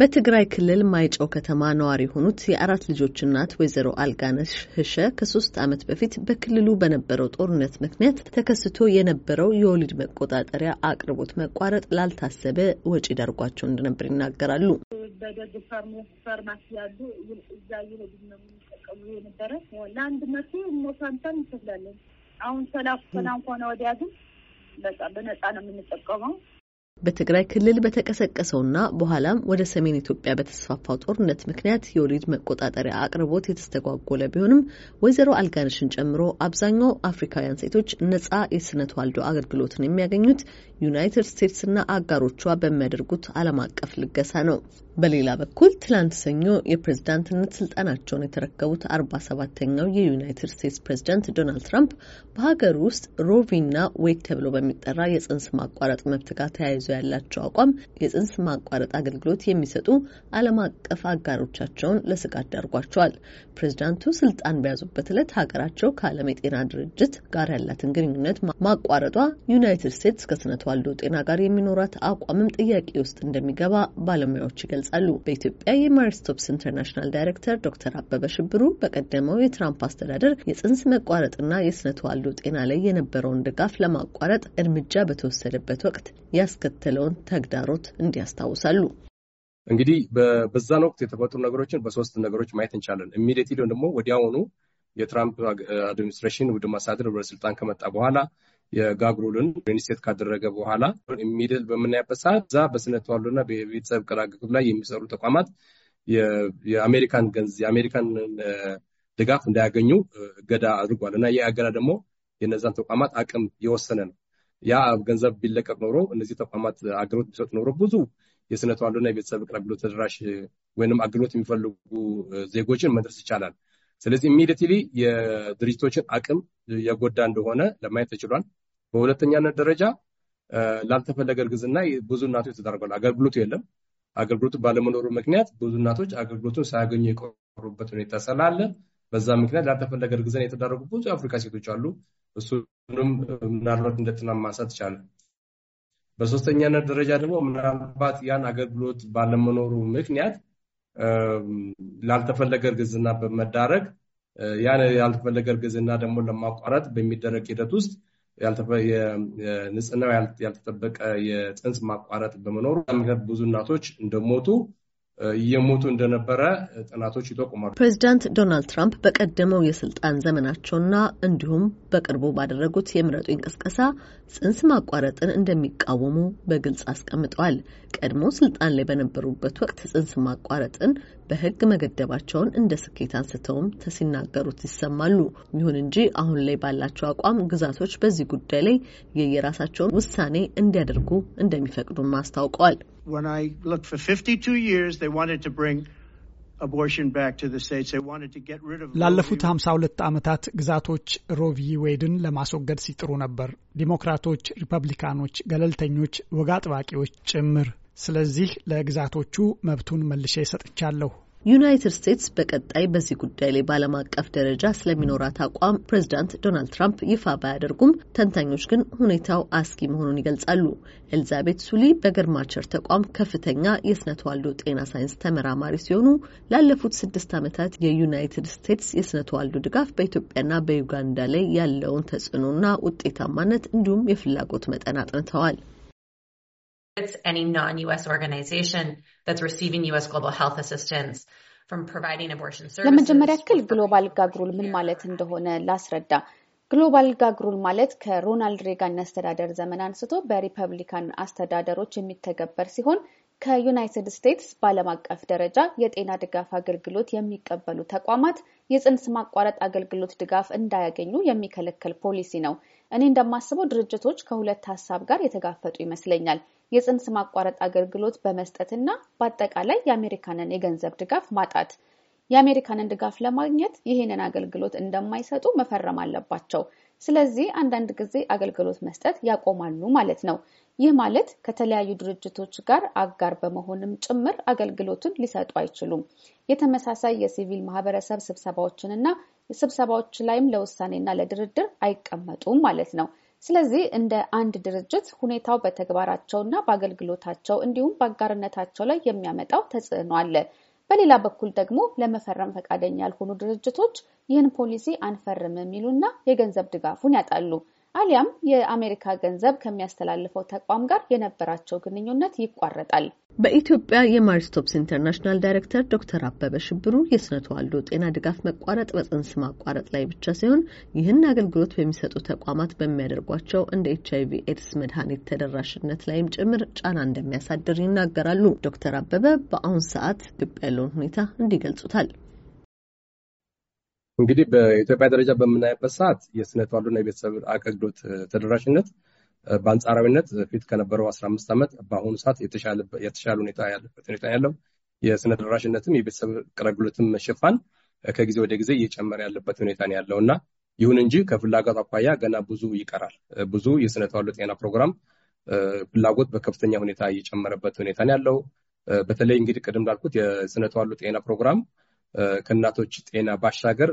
በትግራይ ክልል ማይጨው ከተማ ነዋሪ የሆኑት የአራት ልጆች እናት ወይዘሮ አልጋነሽ ህሸ ከሶስት ዓመት በፊት በክልሉ በነበረው ጦርነት ምክንያት ተከስቶ የነበረው የወሊድ መቆጣጠሪያ አቅርቦት መቋረጥ ላልታሰበ ወጪ ዳርጓቸው እንደነበር ይናገራሉ። በደግ ፋርማሲ ያሉ እዛ የወሊድ ነው የሚጠቀሙ የነበረ ለአንድ መቶ ሞቶ እንችላለን። አሁን ሰላፍ ሰላም ከሆነ ወዲያ ግን በነፃ ነው የምንጠቀመው በትግራይ ክልል በተቀሰቀሰውና በኋላም ወደ ሰሜን ኢትዮጵያ በተስፋፋው ጦርነት ምክንያት የወሊድ መቆጣጠሪያ አቅርቦት የተስተጓጎለ ቢሆንም ወይዘሮ አልጋነሽን ጨምሮ አብዛኛው አፍሪካውያን ሴቶች ነጻ የስነ ተዋልዶ አገልግሎትን የሚያገኙት ዩናይትድ ስቴትስና አጋሮቿ በሚያደርጉት ዓለም አቀፍ ልገሳ ነው። በሌላ በኩል ትላንት ሰኞ የፕሬዝዳንትነት ስልጣናቸውን የተረከቡት አርባ ሰባተኛው የዩናይትድ ስቴትስ ፕሬዝዳንት ዶናልድ ትራምፕ በሀገር ውስጥ ሮቪና ዌድ ተብሎ በሚጠራ የጽንስ ማቋረጥ መብት ጋር ተያይዞ ያላቸው አቋም የጽንስ ማቋረጥ አገልግሎት የሚሰጡ ዓለም አቀፍ አጋሮቻቸውን ለስጋት ዳርጓቸዋል። ፕሬዝዳንቱ ስልጣን በያዙበት ዕለት ሀገራቸው ከዓለም የጤና ድርጅት ጋር ያላትን ግንኙነት ማቋረጧ ዩናይትድ ስቴትስ ከስነ ተዋልዶ ጤና ጋር የሚኖራት አቋምም ጥያቄ ውስጥ እንደሚገባ ባለሙያዎች ይገልጻል። ይገልጻሉ። በኢትዮጵያ የማሪስቶፕስ ኢንተርናሽናል ዳይሬክተር ዶክተር አበበ ሽብሩ በቀደመው የትራምፕ አስተዳደር የጽንስ መቋረጥና የስነ ተዋልዶ ጤና ላይ የነበረውን ድጋፍ ለማቋረጥ እርምጃ በተወሰደበት ወቅት ያስከተለውን ተግዳሮት እንዲያስታውሳሉ። እንግዲህ በዛን ወቅት የተፈጥሩ ነገሮችን በሶስት ነገሮች ማየት እንቻለን። ኢሚዲየትሊ ደግሞ ወዲያውኑ የትራምፕ አድሚኒስትሬሽን ውድ ማሳደር ወደ ስልጣን ከመጣ በኋላ የጋግሮልን ሬኒስቴት ካደረገ በኋላ ሚድል በምናያበት ሰዓት እዛ በስነ ተዋልዶና በቤተሰብ ቀላቅብ ላይ የሚሰሩ ተቋማት የአሜሪካን ገንዝ የአሜሪካን ድጋፍ እንዳያገኙ እገዳ አድርጓል እና ይህ እገዳ ደግሞ የነዛን ተቋማት አቅም የወሰነ ነው። ያ ገንዘብ ቢለቀቅ ኖሮ እነዚህ ተቋማት አገልግሎት ቢሰጥ ኖሮ ብዙ የስነ ተዋልዶና የቤተሰብ ቀላቅሎ ተደራሽ ወይም አገልግሎት የሚፈልጉ ዜጎችን መድረስ ይቻላል። ስለዚህ ኢሚዲትሊ የድርጅቶችን አቅም የጎዳ እንደሆነ ለማየት ተችሏል። በሁለተኛነት ደረጃ ላልተፈለገ እርግዝና ብዙ እናቶች ተዳርጓል። አገልግሎቱ የለም። አገልግሎቱ ባለመኖሩ ምክንያት ብዙ እናቶች አገልግሎቱን ሳያገኙ የቆሩበት ሁኔታ ስላለ በዛ ምክንያት ላልተፈለገ እርግዝና የተዳረጉ ብዙ የአፍሪካ ሴቶች አሉ። እሱንም ምናልባት እንደ ጥናት ማንሳት ይቻላል። በሶስተኛነት ደረጃ ደግሞ ምናልባት ያን አገልግሎት ባለመኖሩ ምክንያት ላልተፈለገ እርግዝና በመዳረግ ያን ያልተፈለገ እርግዝና ደግሞ ለማቋረጥ በሚደረግ ሂደት ውስጥ ንጽህናው ያልተጠበቀ የፅንስ ማቋረጥ በመኖሩ ብዙ እናቶች እንደሞቱ እየሞቱ እንደነበረ ጥናቶች ይጠቁማሉ። ፕሬዚዳንት ዶናልድ ትራምፕ በቀደመው የስልጣን ዘመናቸውና እንዲሁም በቅርቡ ባደረጉት የምረጡ እንቅስቀሳ ጽንስ ማቋረጥን እንደሚቃወሙ በግልጽ አስቀምጠዋል። ቀድሞ ስልጣን ላይ በነበሩበት ወቅት ጽንስ ማቋረጥን በሕግ መገደባቸውን እንደ ስኬት አንስተውም ተሲናገሩት ይሰማሉ። ይሁን እንጂ አሁን ላይ ባላቸው አቋም ግዛቶች በዚህ ጉዳይ ላይ የየራሳቸውን ውሳኔ እንዲያደርጉ እንደሚፈቅዱም አስታውቀዋል። when I looked for 52 years, they wanted to bring ላለፉት 52 ዓመታት ግዛቶች ሮቪ ዌድን ለማስወገድ ሲጥሩ ነበር። ዲሞክራቶች፣ ሪፐብሊካኖች፣ ገለልተኞች፣ ወግ አጥባቂዎች ጭምር። ስለዚህ ለግዛቶቹ መብቱን መልሼ ሰጥቻለሁ። ዩናይትድ ስቴትስ በቀጣይ በዚህ ጉዳይ ላይ በዓለም አቀፍ ደረጃ ስለሚኖራት አቋም ፕሬዚዳንት ዶናልድ ትራምፕ ይፋ ባያደርጉም ተንታኞች ግን ሁኔታው አስጊ መሆኑን ይገልጻሉ። ኤልዛቤት ሱሊ በገርማቸር ተቋም ከፍተኛ የስነ ተዋልዶ ጤና ሳይንስ ተመራማሪ ሲሆኑ ላለፉት ስድስት ዓመታት የዩናይትድ ስቴትስ የስነ ተዋልዶ ድጋፍ በኢትዮጵያና በዩጋንዳ ላይ ያለውን ተጽዕኖና ውጤታማነት እንዲሁም የፍላጎት መጠን አጥንተዋል። any non-U.S. organization that's receiving U.S. global health assistance from providing abortion services. ለመጀመሪያ ያክል ግሎባል ጋግሩል ምን ማለት እንደሆነ ላስረዳ። ግሎባል ጋግሩል ማለት ከሮናልድ ሬጋን አስተዳደር ዘመን አንስቶ በሪፐብሊካን አስተዳደሮች የሚተገበር ሲሆን ከዩናይትድ ስቴትስ በዓለም አቀፍ ደረጃ የጤና ድጋፍ አገልግሎት የሚቀበሉ ተቋማት የጽንስ ማቋረጥ አገልግሎት ድጋፍ እንዳያገኙ የሚከለከል ፖሊሲ ነው። እኔ እንደማስበው ድርጅቶች ከሁለት ሀሳብ ጋር የተጋፈጡ ይመስለኛል። የጽንስ ማቋረጥ አገልግሎት በመስጠትና በአጠቃላይ የአሜሪካንን የገንዘብ ድጋፍ ማጣት። የአሜሪካንን ድጋፍ ለማግኘት ይህንን አገልግሎት እንደማይሰጡ መፈረም አለባቸው። ስለዚህ አንዳንድ ጊዜ አገልግሎት መስጠት ያቆማሉ ማለት ነው። ይህ ማለት ከተለያዩ ድርጅቶች ጋር አጋር በመሆንም ጭምር አገልግሎቱን ሊሰጡ አይችሉም። የተመሳሳይ የሲቪል ማህበረሰብ ስብሰባዎችንና ስብሰባዎች ላይም ለውሳኔና ለድርድር አይቀመጡም ማለት ነው። ስለዚህ እንደ አንድ ድርጅት ሁኔታው በተግባራቸውና በአገልግሎታቸው እንዲሁም በአጋርነታቸው ላይ የሚያመጣው ተጽዕኖ አለ። በሌላ በኩል ደግሞ ለመፈረም ፈቃደኛ ያልሆኑ ድርጅቶች ይህን ፖሊሲ አንፈርምም የሚሉና የገንዘብ ድጋፉን ያጣሉ። አሊያም የአሜሪካ ገንዘብ ከሚያስተላልፈው ተቋም ጋር የነበራቸው ግንኙነት ይቋረጣል። በኢትዮጵያ የማሪስቶፕስ ኢንተርናሽናል ዳይሬክተር ዶክተር አበበ ሽብሩ የስነ ተዋልዶ ጤና ድጋፍ መቋረጥ በጽንስ ማቋረጥ ላይ ብቻ ሳይሆን ይህን አገልግሎት በሚሰጡ ተቋማት በሚያደርጓቸው እንደ ኤች አይቪ ኤድስ መድኃኒት ተደራሽነት ላይም ጭምር ጫና እንደሚያሳድር ይናገራሉ። ዶክተር አበበ በአሁን ሰዓት ኢትዮጵያ ያለውን ሁኔታ እንዲገልጹታል። እንግዲህ በኢትዮጵያ ደረጃ በምናይበት ሰዓት የስነ ተዋልዶና የቤተሰብ አገልግሎት ተደራሽነት በአንጻራዊነት ፊት ከነበረው አስራ አምስት ዓመት በአሁኑ ሰዓት የተሻለ ሁኔታ ያለበት ሁኔታ ያለው የስነ ተደራሽነትም የቤተሰብ አገልግሎትም ሽፋን ከጊዜ ወደ ጊዜ እየጨመረ ያለበት ሁኔታ ነው ያለው እና ይሁን እንጂ ከፍላጎት አኳያ ገና ብዙ ይቀራል። ብዙ የስነ ተዋልዶ ጤና ፕሮግራም ፍላጎት በከፍተኛ ሁኔታ እየጨመረበት ሁኔታ ነው ያለው። በተለይ እንግዲህ ቅድም እንዳልኩት የስነ ተዋልዶ ጤና ፕሮግራም ከእናቶች ጤና ባሻገር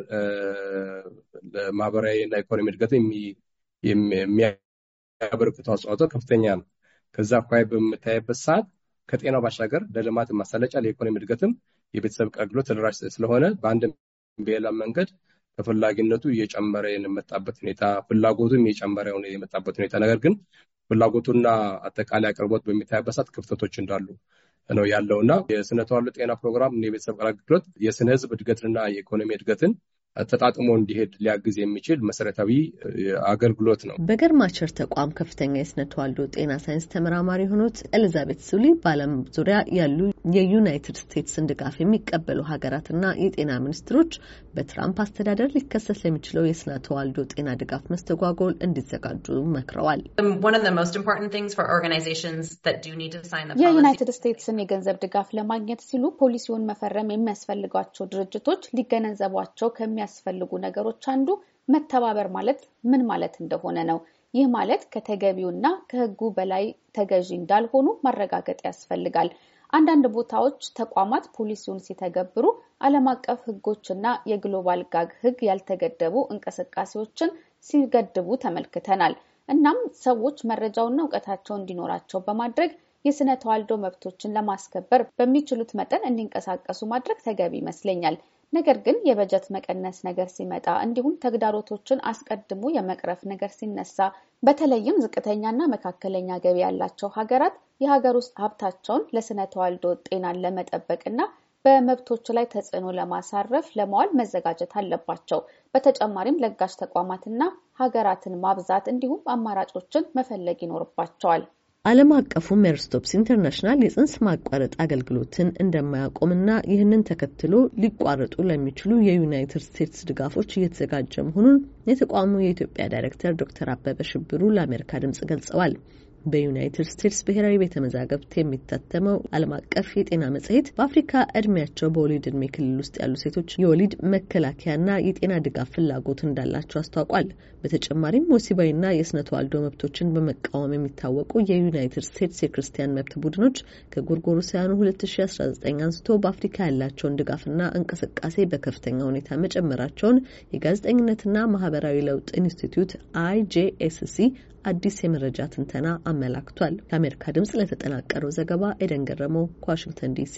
ለማህበራዊ እና ኢኮኖሚ እድገት የሚያበረክቱ አስተዋጽኦ ከፍተኛ ነው። ከዛ አኳያ በምታይበት ሰዓት ከጤናው ባሻገር ለልማት ማሳለጫ ለኢኮኖሚ እድገትም የቤተሰብ አገልግሎት ተደራሽ ስለሆነ በአንድ በሌላ መንገድ ተፈላጊነቱ እየጨመረ የመጣበት ሁኔታ ፍላጎቱም እየጨመረ የመጣበት ሁኔታ ነገር ግን ፍላጎቱና አጠቃላይ አቅርቦት በሚታይበት ሰዓት ክፍተቶች እንዳሉ ነው ያለው እና የስነ ተዋልዶ ጤና ፕሮግራም የቤተሰብ ቃል አገልግሎት የስነ ህዝብ እድገትንና የኢኮኖሚ እድገትን ተጣጥሞ እንዲሄድ ሊያግዝ የሚችል መሰረታዊ አገልግሎት ነው። በገርማቸር ተቋም ከፍተኛ የስነ ተዋልዶ ጤና ሳይንስ ተመራማሪ የሆኑት ኤሊዛቤት ሱሊ በዓለም ዙሪያ ያሉ የዩናይትድ ስቴትስን ድጋፍ የሚቀበሉ ሀገራትና የጤና ሚኒስትሮች በትራምፕ አስተዳደር ሊከሰት ለሚችለው የስነ ተዋልዶ ጤና ድጋፍ መስተጓጎል እንዲዘጋጁ መክረዋል። የዩናይትድ ስቴትስን የገንዘብ ድጋፍ ለማግኘት ሲሉ ፖሊሲውን መፈረም የሚያስፈልጓቸው ድርጅቶች ሊገነዘቧቸው ከሚ ከሚያስፈልጉ ነገሮች አንዱ መተባበር ማለት ምን ማለት እንደሆነ ነው። ይህ ማለት ከተገቢውና ከሕጉ በላይ ተገዢ እንዳልሆኑ ማረጋገጥ ያስፈልጋል። አንዳንድ ቦታዎች ተቋማት ፖሊሲውን ሲተገብሩ ዓለም አቀፍ ሕጎችና የግሎባል ጋግ ሕግ ያልተገደቡ እንቅስቃሴዎችን ሲገድቡ ተመልክተናል። እናም ሰዎች መረጃውና እውቀታቸው እንዲኖራቸው በማድረግ የስነ ተዋልዶ መብቶችን ለማስከበር በሚችሉት መጠን እንዲንቀሳቀሱ ማድረግ ተገቢ ይመስለኛል። ነገር ግን የበጀት መቀነስ ነገር ሲመጣ እንዲሁም ተግዳሮቶችን አስቀድሞ የመቅረፍ ነገር ሲነሳ በተለይም ዝቅተኛና መካከለኛ ገቢ ያላቸው ሀገራት የሀገር ውስጥ ሀብታቸውን ለስነ ተዋልዶ ጤናን ለመጠበቅና በመብቶች ላይ ተጽዕኖ ለማሳረፍ ለመዋል መዘጋጀት አለባቸው። በተጨማሪም ለጋሽ ተቋማትና ሀገራትን ማብዛት እንዲሁም አማራጮችን መፈለግ ይኖርባቸዋል። ዓለም አቀፉ ሜርስቶፕስ ኢንተርናሽናል የጽንስ ማቋረጥ አገልግሎትን እንደማያቆምና ይህንን ተከትሎ ሊቋረጡ ለሚችሉ የዩናይትድ ስቴትስ ድጋፎች እየተዘጋጀ መሆኑን የተቋሙ የኢትዮጵያ ዳይሬክተር ዶክተር አበበ ሽብሩ ለአሜሪካ ድምጽ ገልጸዋል። በዩናይትድ ስቴትስ ብሔራዊ ቤተ መዛግብት የሚታተመው ዓለም አቀፍ የጤና መጽሔት በአፍሪካ እድሜያቸው በወሊድ እድሜ ክልል ውስጥ ያሉ ሴቶች የወሊድ መከላከያና የጤና ድጋፍ ፍላጎት እንዳላቸው አስታውቋል። በተጨማሪም ወሲባዊና የስነ ተዋልዶ መብቶችን በመቃወም የሚታወቁ የዩናይትድ ስቴትስ የክርስቲያን መብት ቡድኖች ከጎርጎሮሳውያኑ 2019 አንስቶ በአፍሪካ ያላቸውን ድጋፍና እንቅስቃሴ በከፍተኛ ሁኔታ መጨመራቸውን የጋዜጠኝነትና ማህበራዊ ለውጥ ኢንስቲትዩት አይጄኤስሲ አዲስ የመረጃ ትንተና አመላክቷል። ለአሜሪካ ድምጽ ለተጠናቀረው ዘገባ ኤደን ገረመው ከዋሽንግተን ዲሲ